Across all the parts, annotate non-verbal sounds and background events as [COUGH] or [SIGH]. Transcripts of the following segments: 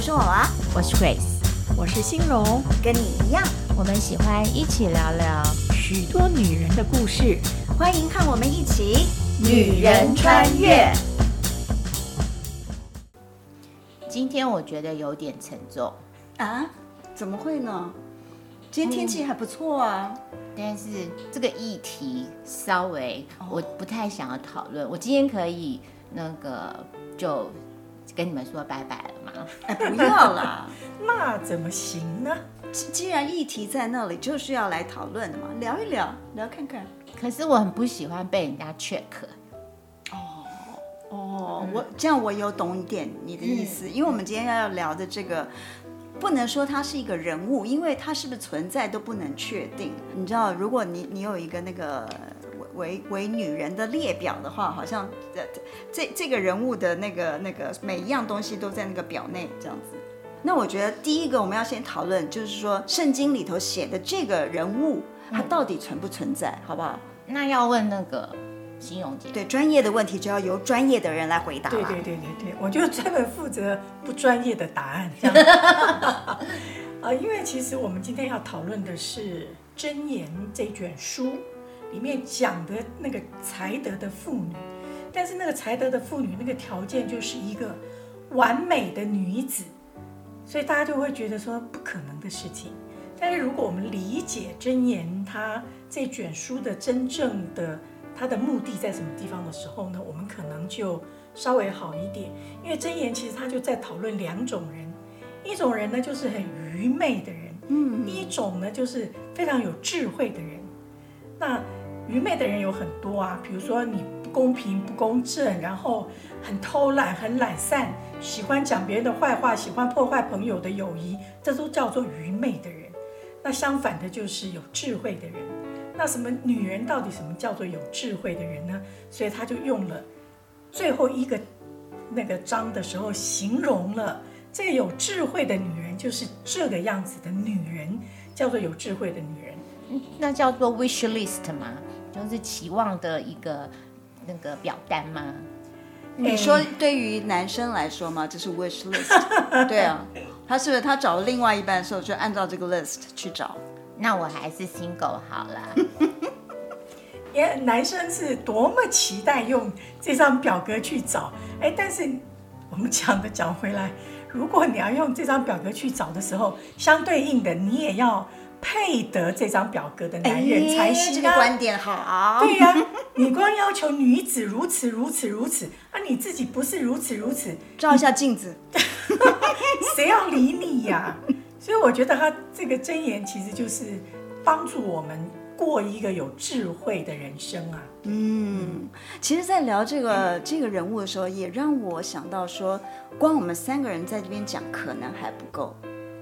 我是我啊，我是 Grace，我是欣榮，跟你一樣，我們喜歡一起聊聊許多女人的故事，歡迎和我們一起《女人穿越》。今天我覺得有點沉重啊？怎麼會呢？今天天氣還不錯啊、嗯，但是這個議題稍微、哦、我不太想要討論。我今天可以那個就。跟你們說拜拜了嗎？哎，不要啦， [LAUGHS] 那怎麼行呢？既、既然議題在那裡，就是要來討論的嘛，聊一聊，聊看看。可是我很不喜歡被人家 check 哦，哦，哦嗯、我這樣我有懂一點你的意思，嗯、因為我們今天要聊的這個，不能說他是一個人物，因為他是不是存在都不能確定。你知道，如果你、你有一個那個。為為女人的列表的話，好像這這這個人物的那個那個每一樣東西都在那個表內這樣子。那我覺得第一個我們要先討論，就是說聖經裡頭寫的這個人物，他到底存不存在，嗯、好不好？那要問那個形容姐。對，專業的問題就要由專業的人來回答。對對對對對，我就專門負責不專業的答案。這樣啊、 [LAUGHS] [LAUGHS] 呃，因為其實我們今天要討論的是《箴言》這一卷書。裡面講的那個才德的婦女，但是那個才德的婦女那個條件就是一個完美的女子，所以大家就會覺得說不可能的事情。但是如果我們理解箴言他這卷書的真正的它的目的在什麼地方的時候呢，我們可能就稍微好一點，因為箴言其實他就在討論兩種人，一種人呢就是很愚昧的人，嗯，一種呢就是非常有智慧的人，那。愚昧的人有很多啊，比如說你不公平、不公正，然後很偷懶、很懶散，喜歡講別人的壞話，喜歡破壞朋友的友誼，這都叫做愚昧的人。那相反的，就是有智慧的人。那什麼女人到底什麼叫做有智慧的人呢？所以他就用了最後一個那個章的時候，形容了這個有智慧的女人就是這個樣子的女人，叫做有智慧的女人。那叫做 wish list 嗎？就是期望的一個那個表單嗎？嗯，你說對於男生來說嗎？這是 wish list，對啊， [LAUGHS] 他是不是他找了另外一半的時候就按照這個 list 去找？那我還是 single 好了。也， [LAUGHS] Yeah, 男生是多麼期待用這張表格去找，哎，但是我們講的講回來，如果你要用這張表格去找的時候，相對應的你也要。配得這張表格的男人才是。這個觀點好。對呀、啊，你光要求女子如此如此如此，啊，而你自己不是如此如此，照一下鏡子，誰要理你呀，啊？所以我覺得他這個箴言其實就是幫助我們過一個有智慧的人生啊。嗯，其實，在聊這個這個人物的時候，也讓我想到說，光我們三個人在這邊講可能還不夠。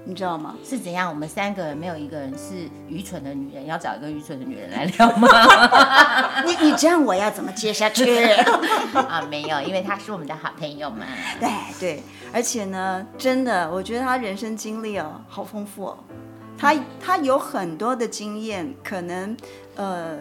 你知道嗎？是怎樣？我們三個人沒有一個人是愚蠢的女人，要找一個愚蠢的女人來聊嗎？ [LAUGHS] [LAUGHS] 你你這樣我要怎麼接下去？ [LAUGHS] 啊，沒有，因為她是我們的好朋友嘛。對對，而且呢，真的，我覺得她人生經歷哦，好豐富哦。她她、嗯、有很多的經驗，可能呃，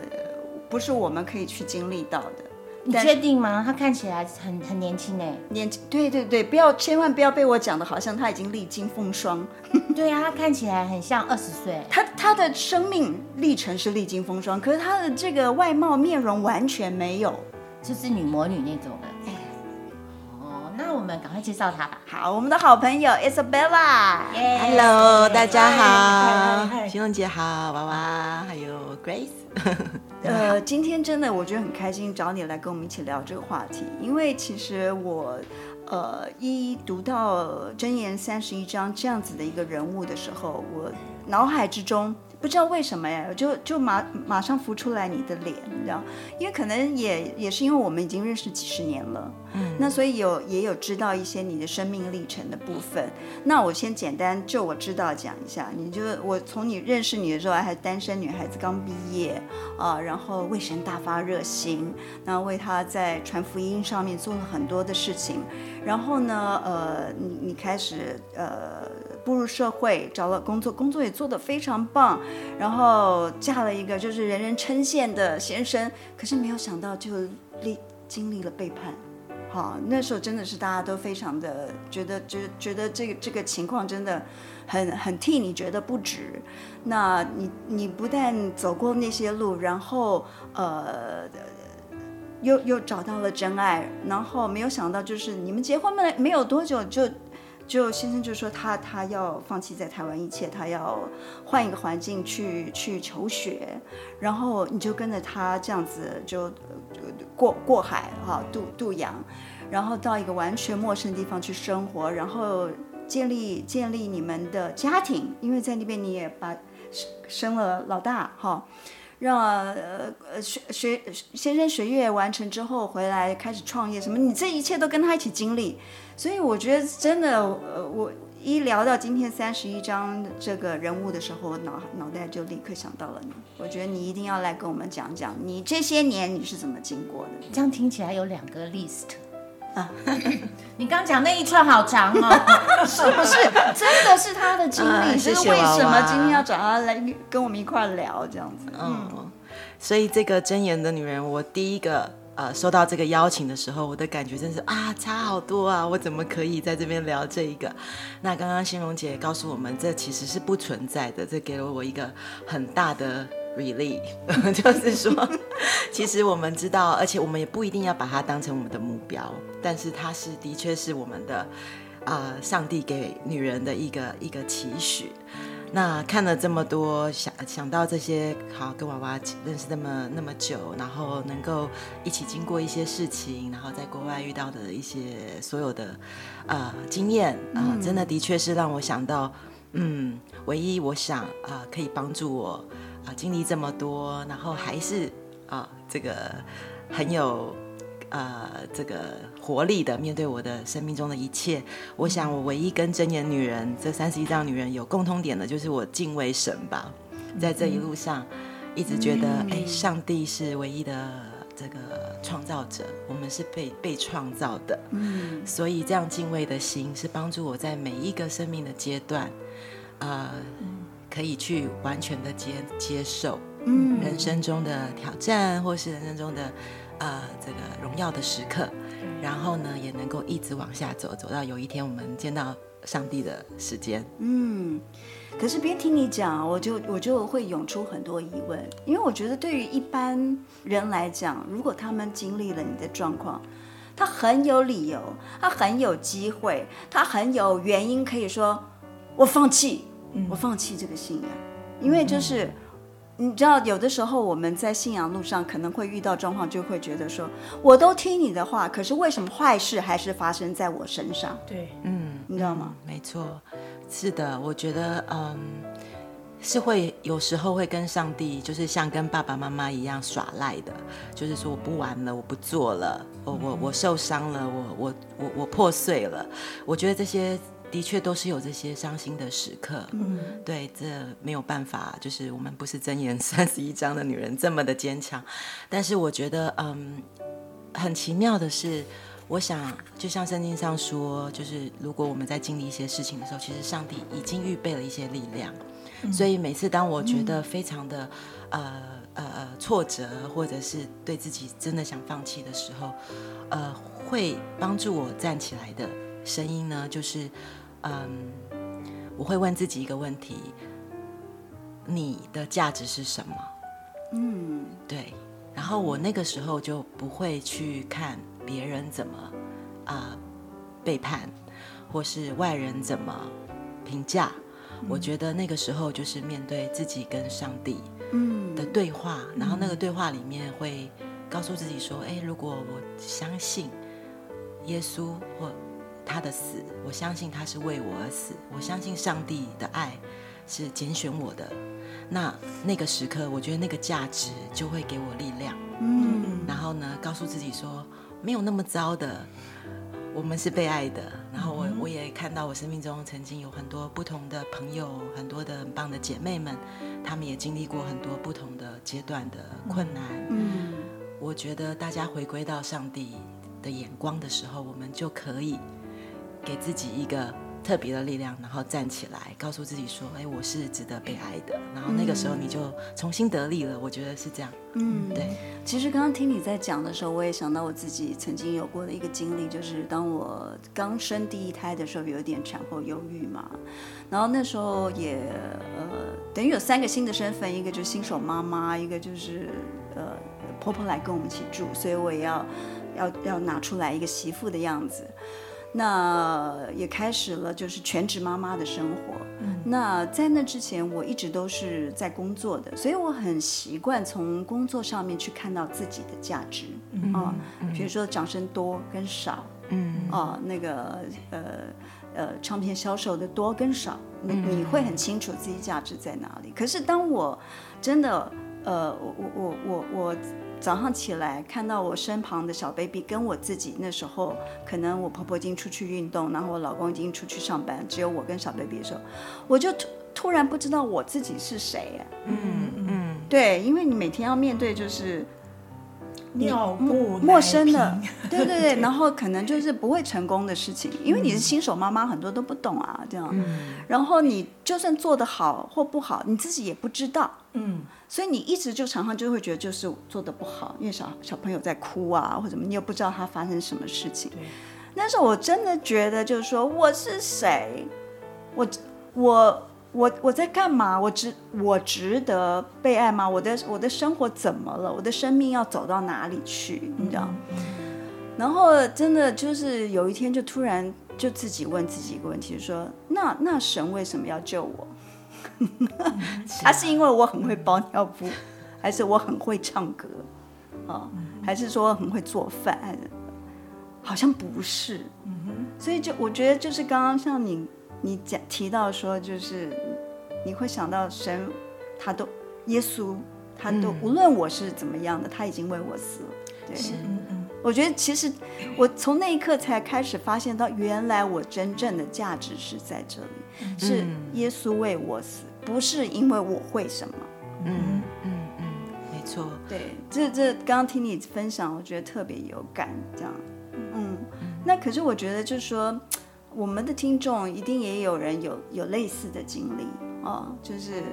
不是我們可以去經歷到的。你確定嗎？是他看起來很很年輕哎，年輕對對對，不要千萬不要被我講的，好像他已經歷經風霜。 [LAUGHS] 嗯、對啊，他看起來很像二十歲。他他的生命歷程是歷經風霜，可是他的這個外貌面容完全沒有，就是女魔女那種的，哎。哦，那我們趕快介紹他吧。好，我們的好朋友 Isabella，Hello，大家好，情人 hi ,姐，好，娃娃 Hi. 還有 Grace。 [LAUGHS] 呃，今天真的我覺得很開心找你來跟我們一起聊這個話題，因為其實我，呃，一讀到《箴言》三十一章這樣子的一個人物的時候，我腦海之中，不知道為什麼呀，就就馬馬上浮出來你的臉，你知道？因為可能也也是因為我們已經認識幾十年了，嗯，那所以有也有知道一些你的生命歷程的部分。那我先簡單就我知道講一下，你就我從你認識你的時候還單身女孩子剛畢業啊，呃，然後為神大發熱心，那為他在傳福音上面做了很多的事情，然後呢，呃，你你開始呃。步入社會，找了工作，工作也做得非常棒，然後嫁了一個就是人人稱羨的先生。可是沒有想到，就歷經歷了背叛。好，那時候真的是大家都非常的覺得，覺得覺得這個這個情況真的很很替你覺得不值。那你你不但走過那些路，然後呃，又又找到了真愛，然後沒有想到就是你們結婚沒沒有多久就。就先生就說他他要放棄在台灣一切，他要換一個環境去去求學，然後你就跟着他這樣子就過過海哈渡渡洋，然後到一個完全陌生的地方去生活，然後建立建立你們的家庭，因為在那邊你也把生了老大哈、哦，讓呃學學先生學業完成之後回來開始創業什麼，你這一切都跟他一起經歷。所以我覺得真的，呃，我一聊到今天三十一章這個人物的時候，腦腦袋就立刻想到了你。我覺得你一定要來跟我們講講，你這些年你是怎麼經過的？這樣聽起來有兩個 list，啊， [LAUGHS] [LAUGHS] 你剛講那一串好長哦， [LAUGHS] 是不是？真的是他的經歷，是 [LAUGHS] 為什麼今天要找他來跟我們一塊聊這樣子？嗯，所以這個箴言的女人，我第一個。呃，收到這個邀請的時候，我的感覺真是啊，差好多啊！我怎麼可以在這邊聊這一個？那剛剛心榮姐告訴我們，這其實是不存在的，這給了我一個很大的 relief，就是說，其實我們知道，而且我們也不一定要把它當成我們的目標，但是它是的確是我們的啊、呃，上帝給女人的一個一個期許。那看了這麼多，想想到這些，好，跟娃娃認識那麼那麼久，然後能夠一起經過一些事情，然後在國外遇到的一些所有的呃經驗啊、呃，真的的確是讓我想到，嗯，唯一我想啊、呃，可以幫助我啊、呃、經歷這麼多，然後還是啊、呃、這個很有，呃，這個活力的面對我的生命中的一切，我想我唯一跟箴言女人這三十一章女人有共通點的，就是我敬畏神吧。在這一路上，一直覺得，哎，上帝是唯一的這個創造者，我們是被被創造的。所以這樣敬畏的心，是幫助我在每一個生命的階段，呃，可以去完全的接接受，嗯，人生中的挑戰，或是人生中的。呃，這個榮耀的時刻，然後呢，也能夠一直往下走，走到有一天我們見到上帝的時間。嗯，可是邊聽你講，我就我就會湧出很多疑問，因為我覺得對於一般人來講，如果他們經歷了你的狀況，他很有理由，他很有機會，他很有原因可以說我放棄，嗯、我放棄這個信仰，因為就是。嗯你知道，有的時候我們在信仰路上可能會遇到狀況，就會覺得說，我都聽你的話，可是為什麼壞事還是發生在我身上？對，嗯，你知道嗎？嗯嗯，沒錯，是的，我覺得，嗯，是會有時候會跟上帝，就是像跟爸爸媽媽一樣耍賴的，就是說我不玩了，我不做了，我我我受傷了，我我我我破碎了，我覺得這些。的確都是有這些傷心的時刻，嗯，對，這沒有辦法，就是我們不是箴言三十一章的女人這麼的堅強。但是我覺得，嗯，很奇妙的是，我想就像聖經上說，就是如果我們在經歷一些事情的時候，其實上帝已經預備了一些力量。嗯、所以每次當我覺得非常的、嗯、呃呃挫折，或者是對自己真的想放棄的時候，呃，會幫助我站起來的。聲音呢，就是，嗯，我會問自己一個問題：你的價值是什麼？嗯，對。然後我那個時候就不會去看別人怎麼啊、呃、背叛，或是外人怎麼評價。嗯、我覺得那個時候就是面對自己跟上帝嗯的對話，嗯、然後那個對話裡面會告訴自己說：嗯、哎，如果我相信耶穌或他的死，我相信他是為我而死。我相信上帝的愛是揀選我的。那那個時刻，我覺得那個價值就會給我力量。嗯，然後呢，告訴自己說沒有那麼糟的，我們是被愛的。然後我我也看到我生命中曾經有很多不同的朋友，很多的很棒的姐妹們，她們也經歷過很多不同的階段的困難。嗯，嗯我覺得大家回歸到上帝的眼光的時候，我們就可以。給自己一個特別的力量，然後站起來，告訴自己說：“哎，我是值得被愛的。”然後那個時候你就重新得力了。我覺得是這樣。嗯，對。嗯。其實剛剛聽你在講的時候，我也想到我自己曾經有過的一個經歷，就是當我剛生第一胎的時候，有點產後憂鬱嘛。然後那時候也呃，等於有三個新的身份：一個就是新手媽媽，一個就是呃婆婆來跟我們一起住，所以我也要要要拿出來一個媳婦的樣子。那也開始了，就是全職媽媽的生活。嗯、那在那之前，我一直都是在工作的，所以我很習慣從工作上面去看到自己的價值，嗯嗯、啊，比如說掌聲多跟少，嗯啊，那個呃呃，唱片銷售的多跟少，你，那個、你會很清楚自己價值在哪裡。可是當我真的呃，我我我我我。我我早上起來看到我身旁的小 baby 跟我自己，那時候可能我婆婆已經出去運動，然後我老公已經出去上班，只有我跟小 baby 的時候，我就突突然不知道我自己是誰啊。嗯，嗯嗯，對，因為你每天要面對就是。嗯、陌生的，嗯、陌生的對對對，對，然後可能就是不會成功的事情，對因為你是新手媽媽，很多都不懂啊，這樣。嗯、然後你就算做得好或不好，你自己也不知道。嗯。所以你一直就常常就會覺得就是做得不好，因為小小朋友在哭啊，或怎麼，你又不知道他發生什麼事情。但是對我真的覺得就是說，我是誰，我我。我我在幹嘛？我值我值得被愛嗎？我的我的生活怎麼了？我的生命要走到哪裡去？你知道？Mm hmm. 然後真的就是有一天就突然就自己問自己一個問題，就說：那那神為什麼要救我？ [LAUGHS] mm hmm. 他是因為我很會包尿布，mm hmm. 還是我很會唱歌？哦 mm hmm. 還是說很會做飯？好像不是。Mm hmm. 所以就我覺得就是剛剛像你。你講提到說，就是你會想到神，他都耶穌，他都、嗯、無論我是怎麼樣的，他已經為我死了。對，是、嗯、我覺得其實我從那一刻才開始發現到，原來我真正的價值是在這裡，是耶穌為我死，不是因為我會什麼。嗯嗯嗯，嗯，沒錯。對，這這剛剛聽你分享，我覺得特別有感，這樣。嗯，那可是我覺得就是說。我們的聽眾一定也有人有有類似的經歷啊、哦，就是，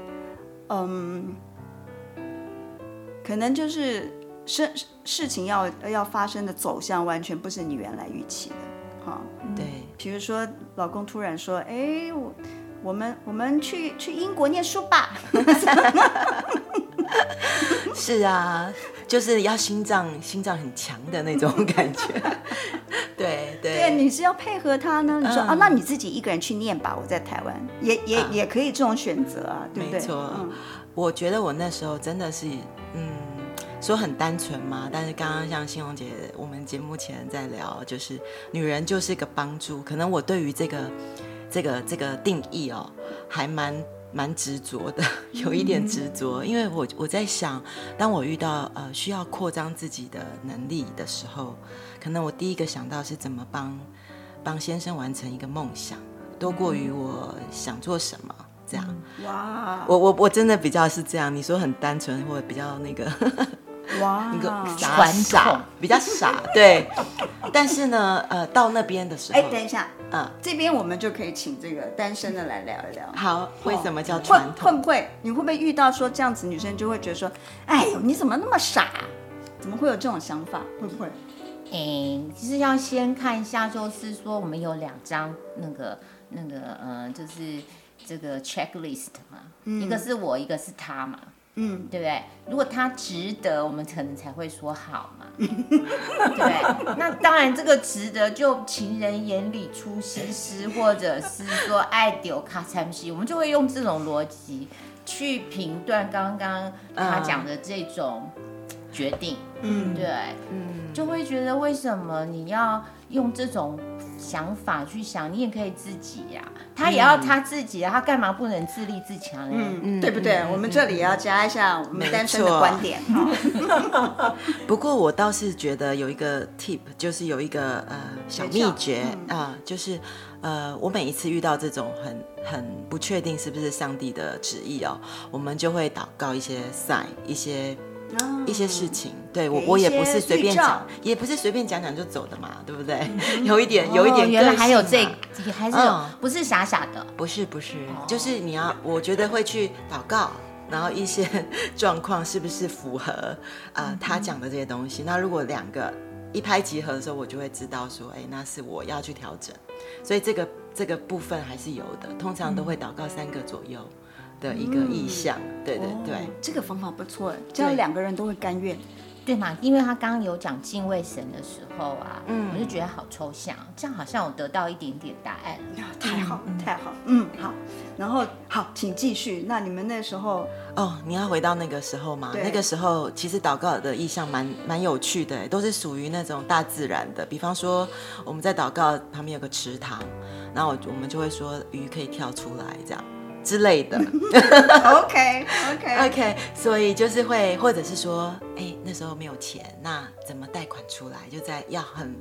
嗯，可能就是事事情要要發生的走向完全不是你原來預期的，哈、哦、嗯、對，比如說老公突然說，哎，我我們我們去去英國念書吧， [LAUGHS] [LAUGHS] 是啊，就是要心臟心臟很強的那種感覺。 [LAUGHS] 你是要配合他呢？你說、嗯、啊，那你自己一個人去念吧。我在台灣也也、嗯、也可以這種選擇啊，對不對？沒錯，嗯、我覺得我那時候真的是，嗯，說很單純嘛。但是剛剛像欣榮姐，我們節目前在聊，就是女人就是一個幫助。可能我對於這個這個這個定義哦，還蠻蠻執着的，有一點執着。嗯、因為我我在想，當我遇到呃需要擴張自己的能力的時候。可能我第一個想到是怎麼幫幫先生完成一個夢想，多過於我想做什麼、嗯、這樣。哇！我我我真的比較是這樣，你說很單純或者比較那個哇，傳統，傻，比較傻，對。 [LAUGHS] 但是呢，呃，到那邊的時候，哎、欸，等一下，啊、呃、這邊我們就可以請這個單身的來聊一聊。好，為什麼叫傳統、哦？會會不會？你會不會遇到說這樣子女生就會覺得說，哎呦，你怎麼那麼傻、啊？怎麼會有這種想法？會不會？嗯，其實要先看一下，就是說我們有兩張那個那個呃，就是這個 checklist 嘛，嗯、一個是我，一個是他嘛，嗯，對不對？如果他值得，我們可能才會說好嘛，嗯、對不對？ [LAUGHS] 那當然，這個值得就情人眼裡出西施，或者是說愛到卡慘死， [LAUGHS] 我們就會用這種邏輯去評斷剛剛他講的這種。決定，嗯，對，嗯，就會覺得為什麼你要用這種想法去想？你也可以自己呀、啊，他也要他自己、啊，他幹嘛不能自立自強，嗯嗯，對不對？嗯、我們這裡要加一下我們單身的觀點哈。不過我倒是覺得有一個 tip，就是有一個呃小秘訣啊對、嗯呃，就是呃，我每一次遇到這種很很不確定是不是上帝的旨意哦，我們就會禱告一些 sign 一些。一些事情，對我我也不是隨便講，也不是隨便講講就走的嘛，對不對？有一點，有一點。原來還有這，也還是有不是傻傻的，不是不是，就是你要，我覺得會去禱告，然後一些狀況是不是符合啊他講的這些東西？那如果兩個一拍即合的時候，我就會知道說，哎，那是我要去調整。所以這個這個部分還是有的，通常都會禱告三個左右。的一個意象，對、嗯、對對，哦、對這個方法不錯，只要對兩個人都會甘願，對嗎？因為他剛剛有講敬畏神的時候啊，嗯，我就覺得好抽象，這樣好像我得到一點點答案太好、啊、太好，太好嗯,嗯,嗯好，然後好，請繼續。那你們那時候哦，你要回到那個時候嗎？對那個時候其實禱告的意象蠻蠻,蠻有趣的，都是屬於那種大自然的，比方說我們在禱告，旁邊有個池塘，然後我們就會說魚可以跳出來這樣。之類的 [LAUGHS] ，OK OK OK，所以就是會，或者是說，哎、欸，那時候沒有錢，那怎麼貸款出來？就在要很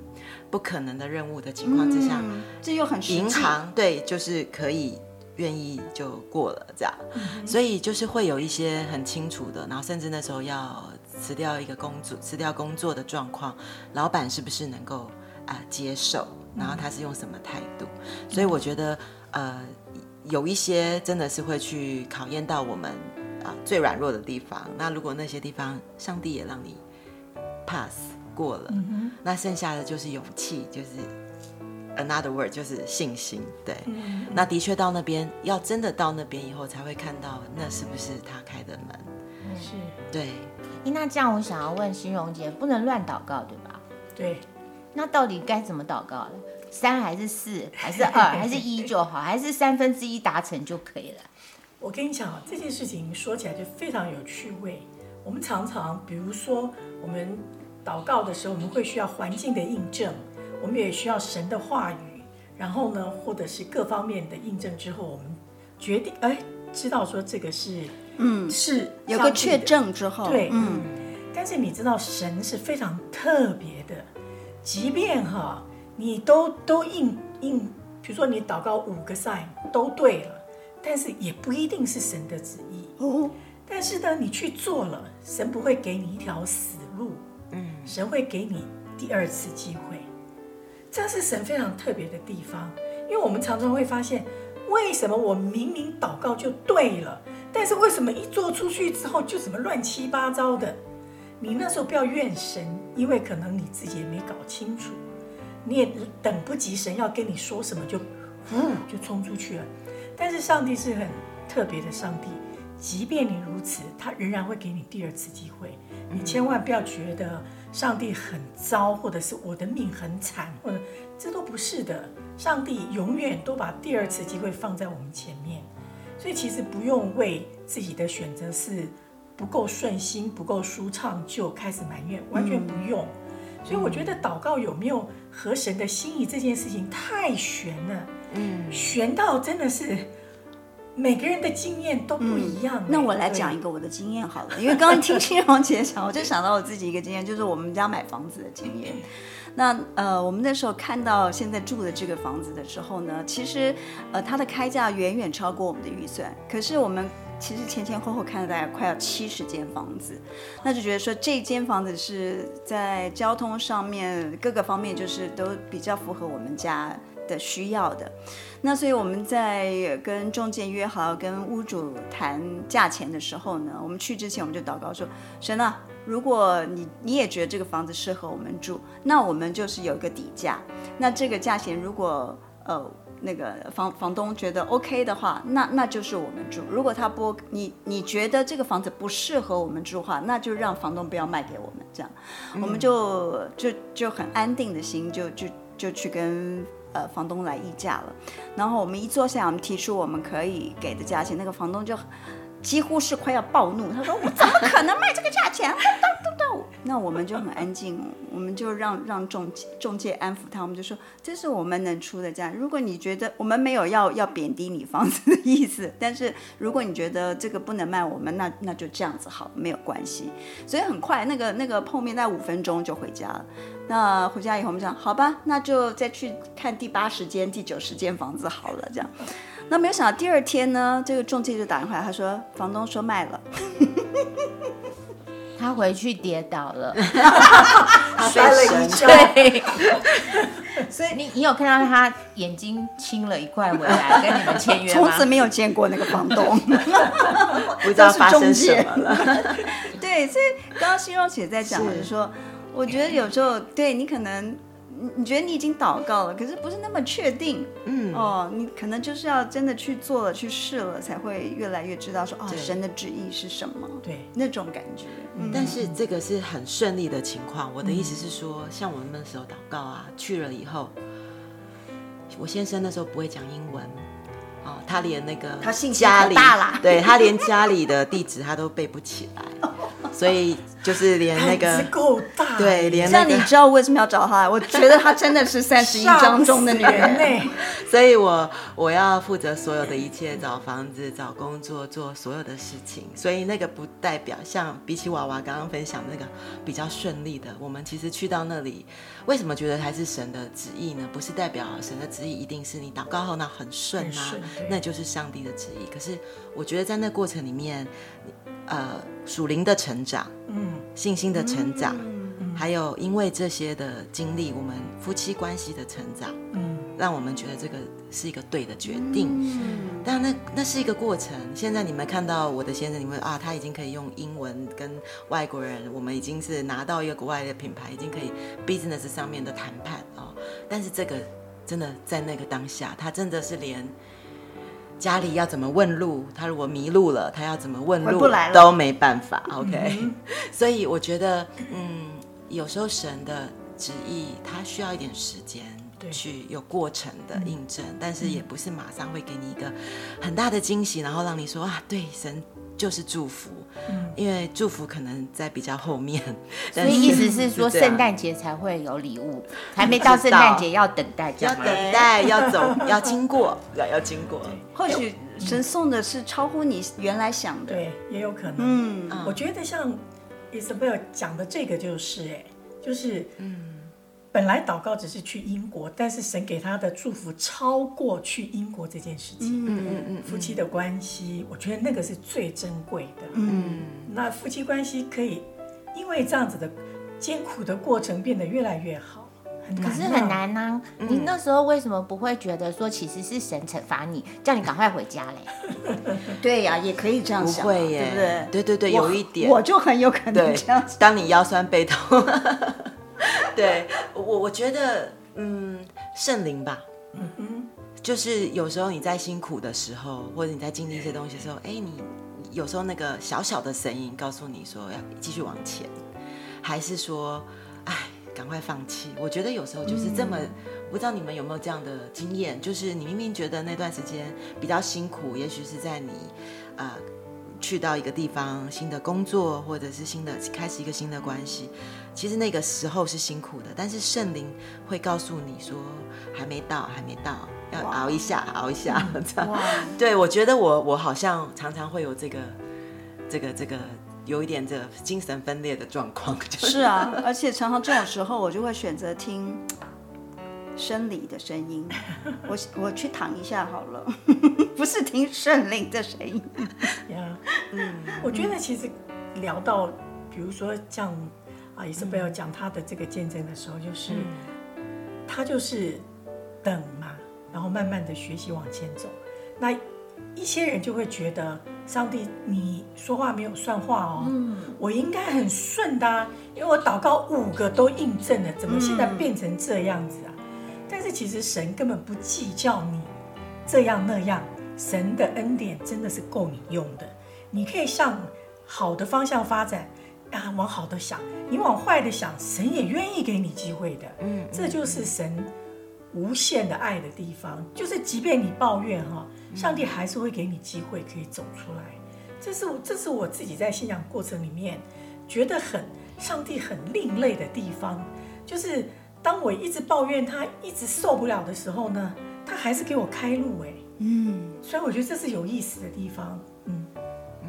不可能的任務的情況之下，嗯，這又很實際。銀行，對，就是可以願意就過了這樣。嗯，所以就是會有一些很清楚的，然後甚至那時候要辭掉一個工作，辭掉工作的狀況，老闆是不是能夠啊，呃、接受？然後他是用什麼態度？嗯，所以我覺得呃。有一些真的是會去考驗到我們啊，最軟弱的地方。那如果那些地方上帝也讓你 pass 過了，嗯、哼那剩下的就是勇氣，就是 another word 就是信心。對，嗯、哼那的確到那邊要真的到那邊以後才會看到那是不是他開的門。是、嗯，對。那這樣我想要問心榮姐，不能亂禱告對吧？對。那到底該怎麼禱告呢？三還是四還是二還是一就好，還是三分之一達成就可以了。我跟你講，這件事情說起來就非常有趣味。我們常常，比如說我們禱告的時候，我們會需要環境的印證，我們也需要神的話語，然後呢，或者是各方面的印證之後，我們決定哎，知道說這個是嗯，是有個確證之後對。嗯，但是你知道神是非常特別的，即便哈。你都都應應，比如說你禱告五個 sign 都對了，但是也不一定是神的旨意。哦，但是呢，你去做了，神不會給你一條死路。嗯，神會給你第二次機會，這是神非常特別的地方。因為我們常常會發現，為什麼我明明禱告就對了，但是為什麼一做出去之後就怎麼亂七八糟的？你那時候不要怨神，因為可能你自己也沒搞清楚。你也等不及神要跟你說什麼就，就呼、嗯、就衝出去了。但是上帝是很特別的，上帝，即便你如此，他仍然會給你第二次機會。你千萬不要覺得上帝很糟，或者是我的命很慘，或者這都不是的。上帝永遠都把第二次機會放在我們前面，所以其實不用為自己的選擇是不夠順心、不夠舒暢就開始埋怨，完全不用。嗯所以我覺得禱告有沒有合神的心意這件事情太懸了，嗯，懸到真的是每個人的經驗都不一樣。嗯、對那我來講一個我的經驗好了，因為剛剛聽青王姐講， [LAUGHS] 我就想到我自己一個經驗，就是我們家買房子的經驗。Okay. 那呃，我們那時候看到現在住的這個房子的時候呢，其實呃，它的開價遠遠超過我們的預算，可是我們。其實前前後後看了大概快要七十間房子，那就覺得說，這間房子是在交通上面各個方面就是都比較符合我們家的需要的。那所以我們在跟中介約好跟屋主談價錢的時候呢，我們去之前我們就禱告說：神啊，如果你你也覺得這個房子適合我們住，那我們就是有一個底價。那這個價錢如果呃。那個房房東覺得 OK 的話，那那就是我們住。如果他不，你你覺得這個房子不適合我們住的話，那就讓房東不要賣給我們。這樣，嗯、我們就就就很安定的心，就就就去跟呃房東來議價了。然後我們一坐下，我們提出我們可以給的價錢，那個房東就幾乎是快要暴怒，他說，我怎麼可能賣這個價錢？ [LAUGHS] [LAUGHS] 那那我們就很安靜，我們就讓讓中介中介安撫他，我們就說這是我們能出的價。如果你覺得我們沒有要要貶低你房子的意思，但是如果你覺得這個不能賣我們，那那就這樣子好，沒有關係。所以很快那個那個碰面，在五分鐘就回家了。那回家以後我們想，好吧，那就再去看第八十間、第九十間房子好了，這樣。那沒有想到第二天呢，這個中介就打電話，他說房東說賣了。 [LAUGHS] 他回去跌倒了，摔了，了一跤，所以 [LAUGHS] 你你有看到，他眼睛青了一塊回來跟你們簽約。從此沒有見過那個房東，不知道發生什麼了。 [LAUGHS] 對，所以剛剛新若雪在講是，就是說，我覺得有時候對你可能。你覺得你已經禱告了，可是不是那麼確定？嗯，哦，你可能就是要真的去做了，去試了，才會越來越知道說，哦，對神的旨意是什麼？對，那種感覺。嗯，但是這個是很順利的情況。我的意思是說，嗯，像我們那時候禱告啊，去了以後，我先生那時候不會講英文，哦，他連那個家裡他姓心很大啦，對，他連家裡的地址他都背不起來。 [LAUGHS] 所以就是連那個大對連那個、你知道我為什麼要找他？ [LAUGHS] 我覺得他真的是三十一章中的女人類。 [LAUGHS] 所以我，我我要負責所有的一切，找房子、找工作、做所有的事情。所以那個不代表像比起娃娃剛剛分享那個比較順利的，我們其實去到那裡，為什麼覺得還是神的旨意呢？不是代表神的旨意一定是你禱告後那很順啊，那就是上帝的旨意。可是我覺得在那過程裡面。呃，屬靈的成長，嗯，信心的成長，嗯，嗯，嗯，還有因為這些的經歷，我們夫妻關係的成長，嗯，讓我們覺得這個是一個對的決定，嗯，但那那是一個過程。現在你們看到我的先生，你們啊，他已經可以用英文跟外國人，我們已經是拿到一個國外的品牌，已經可以 business 上面的談判，哦，但是這個真的在那個當下，他真的是連。家裡要怎麼問路？他如果迷路了，他要怎麼問路都沒辦法。OK。嗯，所以我覺得，嗯，有時候神的旨意他需要一點時間去有過程的印證，對，但是也不是馬上會給你一個很大的驚喜，然後讓你說啊，對神。就是祝福，因為祝福可能在比較後面，所以意思是說聖誕節才會有禮物，還沒到聖誕節，要等待，要等待，要走，要經過，要要經過。或許神送的是超乎你原來想的，對，也有可能。嗯，我覺得像 Isabel 講的這個就是，哎，就是，嗯。本來禱告只是去英國，但是神給他的祝福超過去英國這件事情。嗯嗯嗯，嗯嗯嗯夫妻的關係，我覺得那個是最珍貴的。嗯，那夫妻關係可以因為這樣子的艱苦的過程變得越來越好，可是很難啊！嗯、你那時候為什麼不會覺得說其實是神懲罰你，叫你趕快回家嘞？ [LAUGHS] 對呀、啊，也可以這樣想，不會耶對不對？對對對，我有一點，我就很有可能這樣子。當你腰痠背痛。 [LAUGHS] 對我，我覺得，嗯，聖靈吧，嗯嗯哼，就是有時候你在辛苦的時候，或者你在經歷一些東西的時候，哎，你有時候那個小小的聲音告訴你說要繼續往前，還是說，哎，趕快放棄？我覺得有時候就是這麼，嗯、哼不知道你們有沒有這樣的經驗，就是你明明覺得那段時間比較辛苦，也許是在你啊、呃、去到一個地方新的工作，或者是新的開始一個新的關係。其實那個時候是辛苦的，但是聖靈會告訴你說還沒到，還沒到，要熬一下，哇熬一下。嗯、這樣，哇對我覺得我我好像常常會有這個，這個這個有一點這個精神分裂的狀況。就是、是啊，而且常常這種時候，我就會選擇聽生理的聲音， [LAUGHS] 我我去躺一下好了， [LAUGHS] 不是聽聖靈的聲音。Yeah, 嗯、我覺得其實聊到，嗯、比如說像。啊，也是不要講他的這個見證的時候，就是、嗯、他就是等嘛，然後慢慢的學習往前走。那一些人就會覺得，上帝，你說話沒有算話哦，嗯、我應該很順的，啊，因為我禱告五個都印證了，怎麼現在變成這樣子啊？嗯、但是其實神根本不計較你這樣那樣，神的恩典真的是夠你用的，你可以向好的方向發展。啊，往好的想，你往壞的想，神也願意給你機會的。嗯，嗯嗯，這就是神無限的愛的地方，就是即便你抱怨哈，上帝還是會給你機會可以走出來。這是我，這是我自己在信仰過程裡面覺得很，上帝很另類的地方，就是當我一直抱怨他一直受不了的時候呢，他還是給我開路誒、欸，嗯，所以我覺得這是有意思的地方。嗯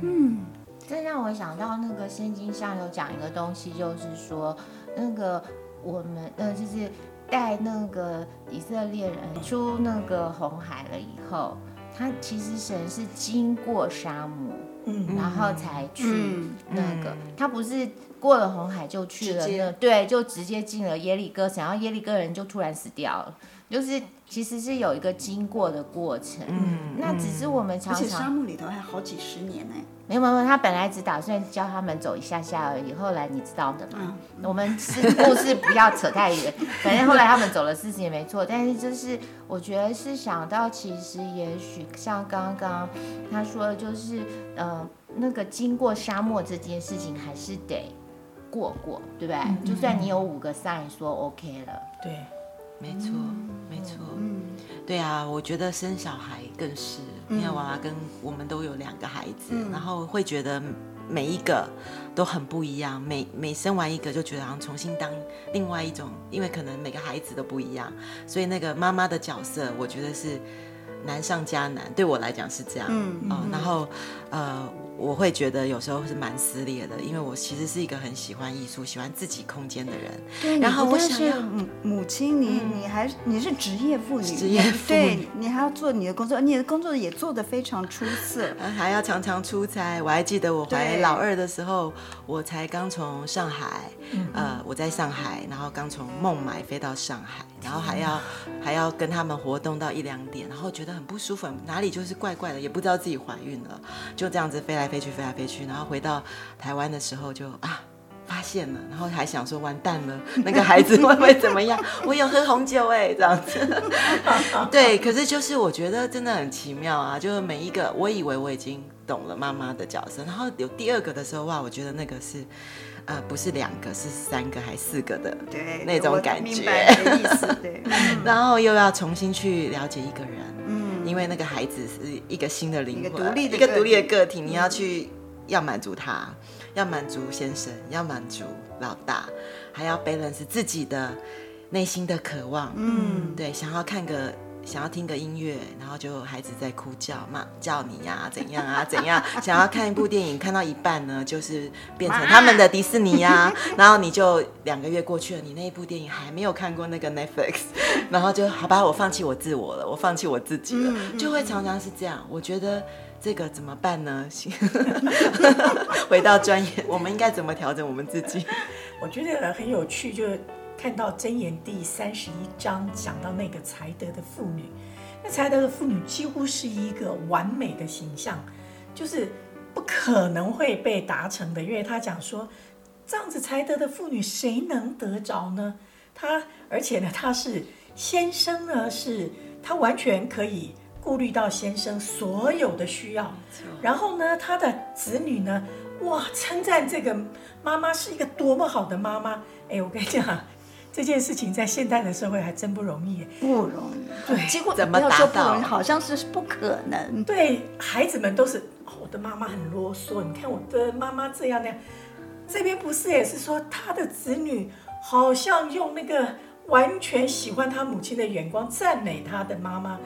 嗯。這讓我想到那個聖經上有講一個東西，就是說，那個我們呃，就是帶那個以色列人出那個紅海了以後，他其實神是經過沙漠，嗯，然後才去那個，嗯嗯、他不是過了紅海就去了那，接對，就直接進了耶利哥，然後耶利哥人就突然死掉了，就是其實是有一個經過的過程，嗯，那只是我們常常沙漠裡頭還好幾十年呢、欸。沒有沒有，他本來只打算叫他們走一下下而已，後來你知道的嘛。嗯、我們是不是不要扯太遠？反正 [LAUGHS] 後來他們走了事情也沒錯，但是就是我覺得是想到，其實也許像剛剛他說的，就是嗯、呃，那個經過沙漠這件事情還是得過過，對不對？嗯、就算你有五個 sign 說 OK 了，對，沒錯，沒錯，嗯，對啊，我覺得生小孩更是。因為娃娃跟我們都有兩個孩子，嗯、然後會覺得每一個都很不一樣，每每生完一個就覺得好像重新當另外一種，因為可能每個孩子都不一樣，所以那個媽媽的角色，我覺得是難上加難，對我來講是這樣。嗯，嗯、哦，然後呃。我會覺得有時候是蠻撕裂的，因為我其實是一個很喜歡藝術、喜歡自己空間的人。對，然後但是 我想要母親你，你、嗯、你還是你是職業婦女，職業婦女，對你還要做你的工作，你的工作也做得非常出色，還要常常出差。我還記得我懷老二的時候，對我才剛從上海，嗯嗯呃，我在上海，然後剛從孟買飛到上海，然後還要還要跟他們活動到一兩點，然後覺得很不舒服，哪裡就是怪怪的，也不知道自己懷孕了，就這樣子飛來。飛來飛去，飛來飛去，然後回到台灣的時候就啊，發現了，然後還想說完蛋了，那個孩子會不會怎麼樣？ [LAUGHS] 我有喝紅酒哎，欸，這樣子。 [LAUGHS] 好好好，對，可是就是我覺得真的很奇妙啊，就是每一個、嗯、我以為我已經懂了媽媽的角色，然後有第二個的時候哇，我覺得那個是呃不是兩個是三個還是四個的，對，那種感覺。對，我明白的意思，對 [LAUGHS] 然後又要重新去了解一個人。嗯因為那個孩子是一個新的靈魂，一個獨立的個體，你要去要滿足他，要滿足先生，要滿足老大，還要 balance 自己的內心的渴望，嗯，對，想要看個。想要聽個音樂，然後就孩子在哭叫，罵叫你呀、啊，怎樣啊，怎樣？想要看一部電影，看到一半呢，就是變成他們的迪士尼呀、啊。媽然後你就兩個月過去了，你那一部電影還沒有看過那個 Netflix，然後就好吧，我放棄我自我了，我放棄我自己了，就會常常是這樣。我覺得這個怎麼辦呢？ [LAUGHS] 回到專業，我們應該怎麼調整我們自己？我覺得很有趣，就。看到真《箴言》第三十一章講到那個才德的婦女，那才德的婦女幾乎是一個完美的形象，就是不可能會被達成的，因為她講說，這樣子才德的婦女誰能得着呢？她而且呢，她是先生呢是，她完全可以顧慮到先生所有的需要。然後呢，她的子女呢，哇，稱讚這個媽媽是一個多麼好的媽媽。哎，我跟你講啊。這件事情在現代的社會還真不容易，不容易。對，結果怎麼達到說？好像是不可能。對，孩子們都是、哦、我的媽媽很囉嗦。你看我的媽媽這樣的，這邊不是也是說她的子女好像用那個完全喜歡她母親的眼光讚美她的媽媽。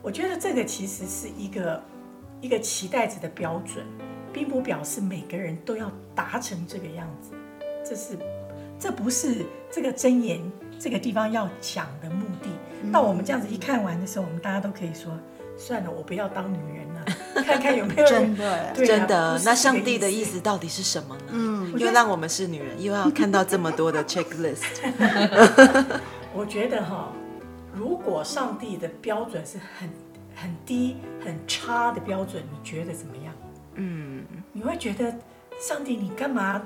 我覺得這個其實是一個一個期待值的標準，並不表示每個人都要達成這個樣子。這是。這不是這個箴言這個地方要講的目的。到我們這樣子一看完的時候，嗯、我們大家都可以說：算了，我不要當女人了，看看有沒有 [LAUGHS] 真的。真的、啊，那上帝的意思到底是什麼呢？嗯，又讓我們是女人，我又要看到這麼多的 checklist。 [LAUGHS] [LAUGHS] 我覺得哈、哦，如果上帝的標準是很很低很差的標準，你覺得怎麼樣？嗯，你會覺得上帝，你幹嘛？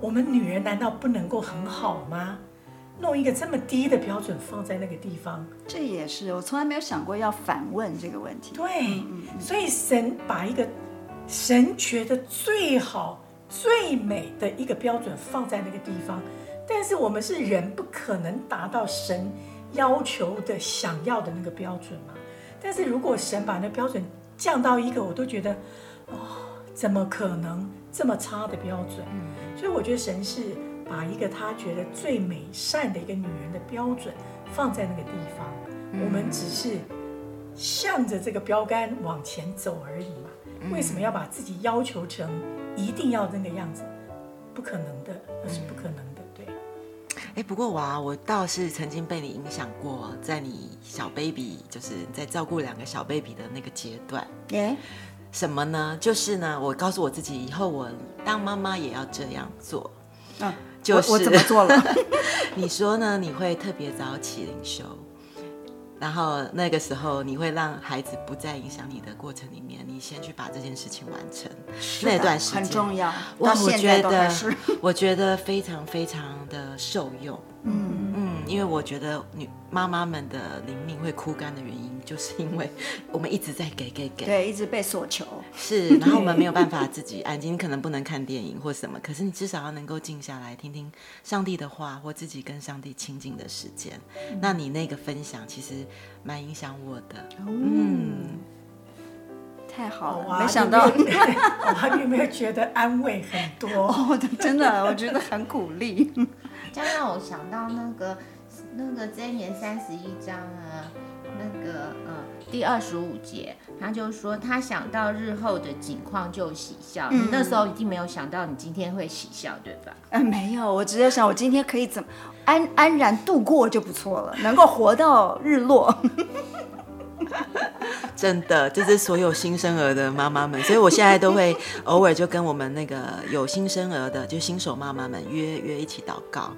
我們女人難道不能夠很好嗎？弄一個這麼低的標準放在那個地方，這也是我從來沒有想過要反問這個問題。對，所以神把一個神覺得最好最美的一個標準放在那個地方，但是我們是人，不可能達到神要求的、想要的那個標準嘛。但是如果神把那標準降到一個，我都覺得，哦，怎麼可能？這麼差的標準，所以我覺得神是把一個他覺得最美善的一個女人的標準放在那個地方，嗯、我們只是向着這個標杆往前走而已嘛。嗯、為什麼要把自己要求成一定要那個樣子？不可能的，那是不可能的，對。欸、不過娃，我倒是曾經被你影響過，在你小 baby，就是在照顧兩個小 baby 的那個階段，耶、嗯。什麼呢？就是呢，我告訴我自己，以後我當媽媽也要這樣做。嗯，就是我，我怎麼做了？ [LAUGHS] 你說呢？你會特別早起靈修，然後那個時候你會讓孩子不再影響你的過程裡面，你先去把這件事情完成。是的那段時間很重要。我我覺得，我覺得非常非常的受用。嗯嗯，嗯嗯因為我覺得女媽媽們的靈命會枯乾的原因。就是因為我們一直在給給給，對，一直被索求，是。然後我們沒有辦法自己安靜，可能不能看電影或什麼，可是你至少要能夠靜下來，聽聽上帝的話或自己跟上帝親近的時間。嗯、那你那個分享其實蠻影響我的，嗯，太好了，哦啊、沒想到，你有沒有覺得安慰很多？ [LAUGHS] 哦、真的，我覺得很鼓勵。這讓我想到那個那個箴言三十一章啊。那個、嗯、第二十五節，他就說他想到日後的景況就喜笑。嗯、你那時候一定沒有想到你今天會喜笑，對吧？啊、嗯，沒有，我只是想我今天可以怎麼安安然度過就不錯了，能夠活到日落。 [LAUGHS] 真的，這、就是所有新生兒的媽媽們，所以我現在都會偶爾就跟我們那個有新生兒的，就新手媽媽們約約一起禱告。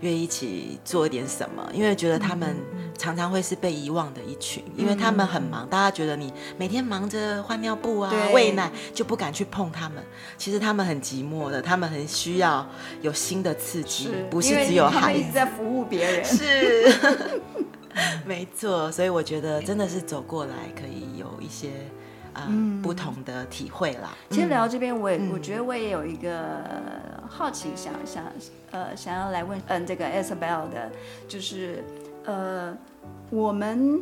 願意一起做一點什麼？因為覺得他們常常會是被遺忘的一群，因為他們很忙，大家覺得你每天忙着換尿布啊、對餵奶，就不敢去碰他們。其實他們很寂寞的，他們很需要有新的刺激，是不是只有孩子一直在服務別人。是， [LAUGHS] 沒錯。所以我覺得真的是走過來可以有一些。呃、嗯，不同的體會啦。其實聊到這邊，我也、嗯、我覺得我也有一個好奇想，想想呃，想要來問嗯、呃，這個 Isabel 的，就是呃，我們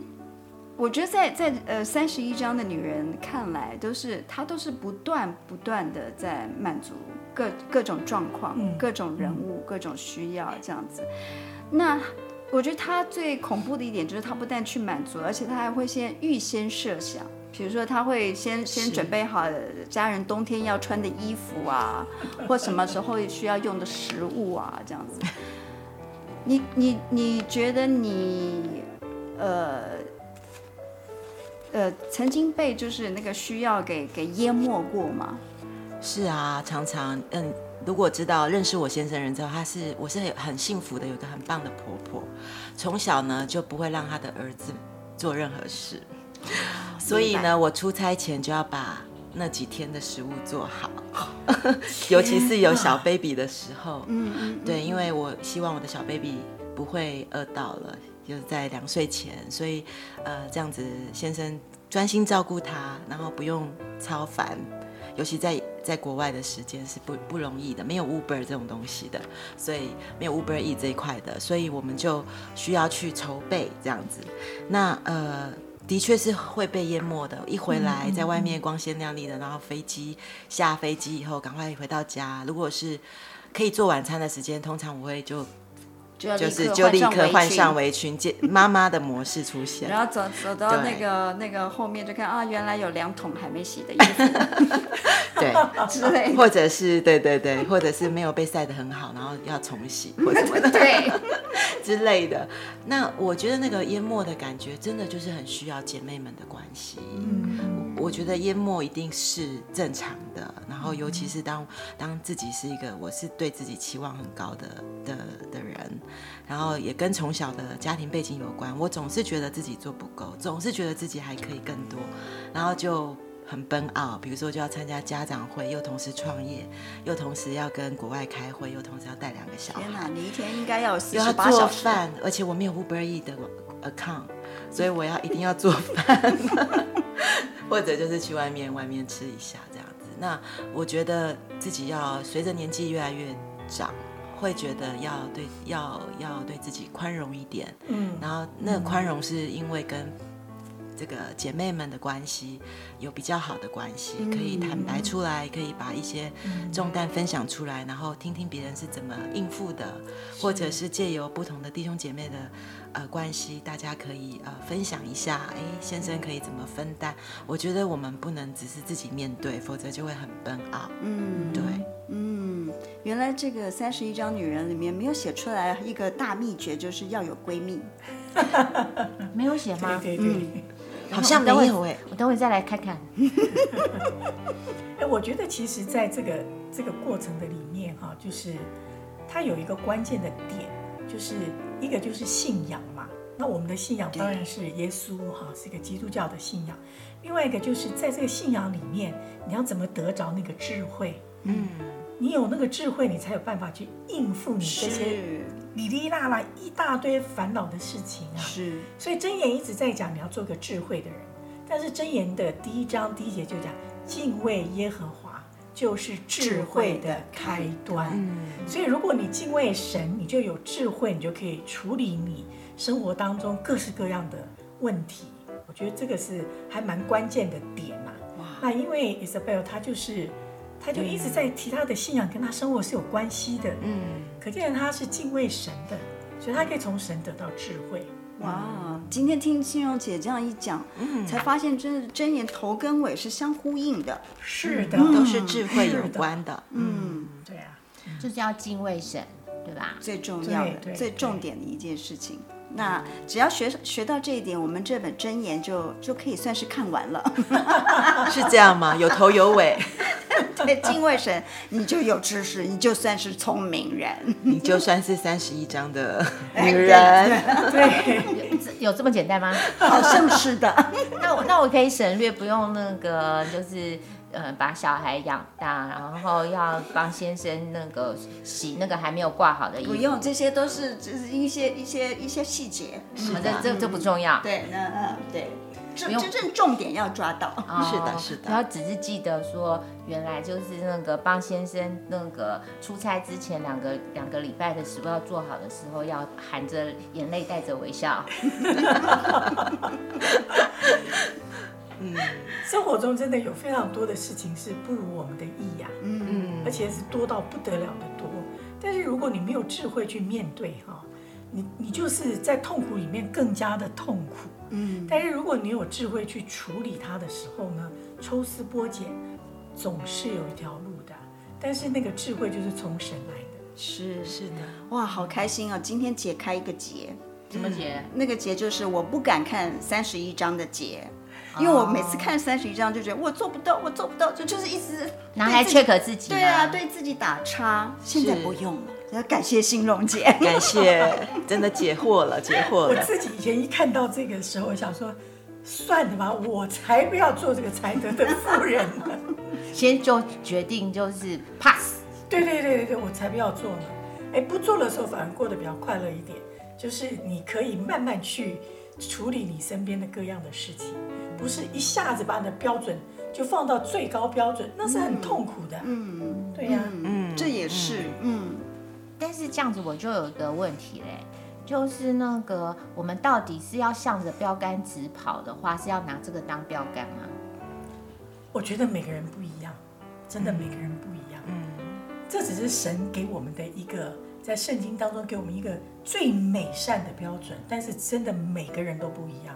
我覺得在在呃三十一章的女人看來，都是她都是不斷不斷的在滿足各各種狀況、嗯、各種人物、嗯、各種需要這樣子。那我覺得她最恐怖的一點就是，她不但去滿足，而且她還會先預先設想。比如說，他會先先準備好家人冬天要穿的衣服啊，或什麼時候需要用的食物啊，這樣子。你你你覺得你，呃呃，曾經被就是那個需要給給淹沒過嗎？是啊，常常嗯，如果知道認識我先生人之後，他是我是很很幸福的，有個很棒的婆婆，從小呢就不會讓他的兒子做任何事。所以呢，我出差前就要把那幾天的食物做好， [LAUGHS] 尤其是有小 baby 的時候，啊、嗯，嗯對，因為我希望我的小 baby 不會餓到了，就是在兩歲前，所以呃這樣子先生專心照顧他，然後不用操煩，尤其在在國外的時間是不不容易的，沒有 Uber 這種東西的，所以沒有 Uber E 這一塊的，所以我們就需要去籌備這樣子，那呃。的確是會被淹沒的。一回來，在外面光鮮亮麗的，然後飛機，下飛機以後，趕快回到家。如果是可以做晚餐的時間，通常我會就。就，就是就立刻換上圍裙，接媽媽的模式出現。然後走走到那個對那個後面，就看啊，原來有兩桶還沒洗的衣服。 [LAUGHS] 對。之類。或者是對對對，Okay. 或者是沒有被曬得很好，然後要重洗或者什麼 [LAUGHS] 對之類的。那我覺得那個淹沒的感覺，真的就是很需要姐妹們的關係。嗯、mm。Hmm. 我覺得淹沒一定是正常的。尤其是當當自己是一個我是對自己期望很高的的、的人，然後也跟從小的家庭背景有關。我總是覺得自己做不夠，總是覺得自己還可以更多，然後就很 burn out。比如說，就要參加家長會，又同時創業，又同時要跟國外開會，又同時要帶兩個小孩。天哪，你一天應該要有48小時。又要做飯，而且我沒有 Uber Eats 的 account，所以我要 [LAUGHS] 一定要做飯，或者就是去外面外面吃一下這樣。那我覺得自己要隨着年紀越來越長，會覺得要對要要對自己寬容一點，嗯，然後那寬容是因為跟這個姐妹們的關係有比較好的關係，嗯、可以坦白出來，可以把一些重擔分享出來，嗯、然後聽聽別人是怎麼應付的，是或者是借由不同的弟兄姐妹的，呃，關係大家可以呃分享一下，哎，先生可以怎麼分擔？我覺得我們不能只是自己面對，否則就會很煎熬啊。嗯，對，嗯，原來這個三十一章女人裡面沒有寫出來一個大秘訣，就是要有閨蜜。 [LAUGHS] 沒有寫嗎？對，對對對，嗯、好像沒有哎，我等會再來看看。哎， [LAUGHS] 我覺得其實在這個這個過程的裡面哈，就是它有一個關鍵的點。就是一個就是信仰嘛，那我們的信仰當然是耶穌哈，對是一個基督教的信仰。另外一個就是在這個信仰裡面，你要怎麼得着那個智慧？嗯，你有那個智慧，你才有辦法去應付你這些哩哩啦啦一大堆煩惱的事情啊。是，所以箴言一直在講你要做個智慧的人。但是箴言的第一章第一節就講敬畏耶和華就是智慧的開端，嗯，所以如果你敬畏神，你就有智慧，你就可以處理你生活當中各式各樣的問題。我覺得這個是還蠻關鍵的點嘛。哇那因為 Isabel 她就是，她就一直在提她的信仰跟她生活是有關係的，嗯，可見她是敬畏神的，所以她可以從神得到智慧。哇，wow, 今天聽金融姐這樣一講，嗯、才發現真的箴言頭跟尾是相呼應的，是的，嗯、都是智慧有關的，的嗯，嗯對啊，這、就、叫、是、敬畏神，對吧？最重要的，最重點的一件事情。那只要學學到這一點，我們這本箴言就就可以算是看完了， [LAUGHS] 是這樣嗎？有頭有尾。 [LAUGHS] 對，敬畏神，你就有知識，你就算是聰明人， [LAUGHS] 你就算是三十一章的女人。 [LAUGHS] 對，有，有這麼簡單嗎？ [LAUGHS] 好像是式的。 [LAUGHS] 那我那我可以省略不用那個，就是、呃、把小孩養大，然後要幫先生那個洗那個還沒有掛好的衣服。不用，這些都是就是一些一些一些細節，嗯的嗯、這這這不重要。對，嗯嗯，對。真正重點要抓到，哦、是的，是的。不要只是記得說，原來就是那個幫先生，那個出差之前兩個兩個禮拜的時候要做好的時候，要含着眼淚帶着微笑。 [LAUGHS] [LAUGHS] 嗯，生活中真的有非常多的事情是不如我們的意呀、啊，嗯嗯，而且是多到不得了的多。但是如果你沒有智慧去面對、哦，哈。你你就是在痛苦裡面更加的痛苦，嗯，但是如果你有智慧去處理它的時候呢，抽絲剝繭，總是有一條路的。但是那個智慧就是從神來的，是是的。嗯、哇，好開心啊、哦！今天解開一個結，什麼結、嗯？那個結就是我不敢看三十一章的結，因為我每次看三十一章就覺得我做，我做不到，我做不到，就就是一直拿來切可自己，對啊，對自己打叉。是現在不用了。感謝心榮姐，感謝真的解惑了，解惑了。我自己以前一看到這個時候，我想說算了吧，我才不要做這個才德的婦人呢、啊。先就決定就是 pass。對對對對，我才不要做呢。哎，不做的時候反而過得比較快樂一點。就是你可以慢慢去處理你身邊的各樣的事情，不是一下子把你的標準就放到最高標準，那是很痛苦的。嗯，對呀、啊嗯，嗯，這也是，嗯。但是這樣子我就有一個問題嘞，就是那個我們到底是要向着標杆直跑的話，是要拿這個當標杆嗎？我覺得每個人不一樣，真的每個人不一樣。嗯，這只是神給我們的一個，在聖經當中給我們一個最美善的標準，但是真的每個人都不一樣。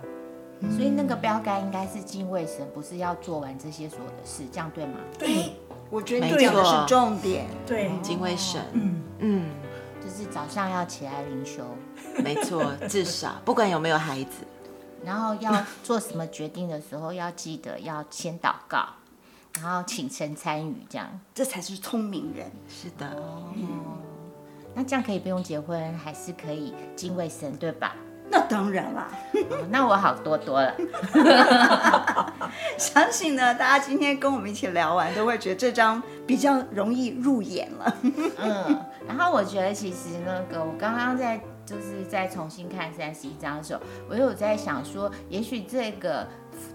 嗯，所以那個標杆應該是敬畏神，不是要做完這些所有的事，這樣對嗎？對。欸我覺得你講的是重點，錯對，對哦、敬畏神，嗯嗯，嗯，就是早上要起來靈修，沒錯錯， [LAUGHS] 至少不管有沒有孩子，然後要做什麼決定的時候， [LAUGHS] 要記得要先禱告，然後請神參與，這樣這才是聰明人。是的，哦嗯、那這樣可以不用結婚，還是可以敬畏神，對吧？那當然啦、 [LAUGHS] 哦，那我好多多了。 [LAUGHS] [LAUGHS] 相信呢，大家今天跟我們一起聊完，都會覺得這章比較容易入眼了。 [LAUGHS] 嗯，然後我覺得其實那個我剛剛在就是在重新看三十一章的時候，我有在想說，也許這個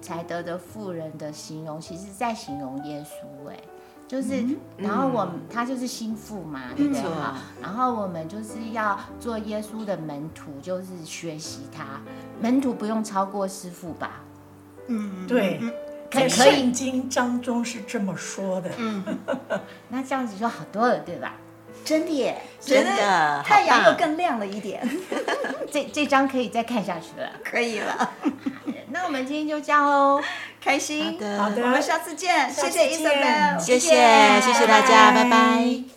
才德的婦人的形容，其實在形容耶穌哎、欸。就是，嗯、然後我們、嗯、他就是心腹嘛，你知道嗎？確實。然後我們就是要做耶穌的門徒，就是學習他。門徒不用超過師父吧？嗯，對，可可聖經當中是這麼說的。嗯，那這樣子就好多了，對吧？真的耶，真的，真的，太陽又更亮了一點。棒嗯、這這張可以再看下去了， [LAUGHS] 可以了。 [LAUGHS] 那我們今天就這樣哦，開心。好的，好的，我們下次見。次見，謝謝醫生們，謝謝，見謝謝大家，拜拜 bye。Bye bye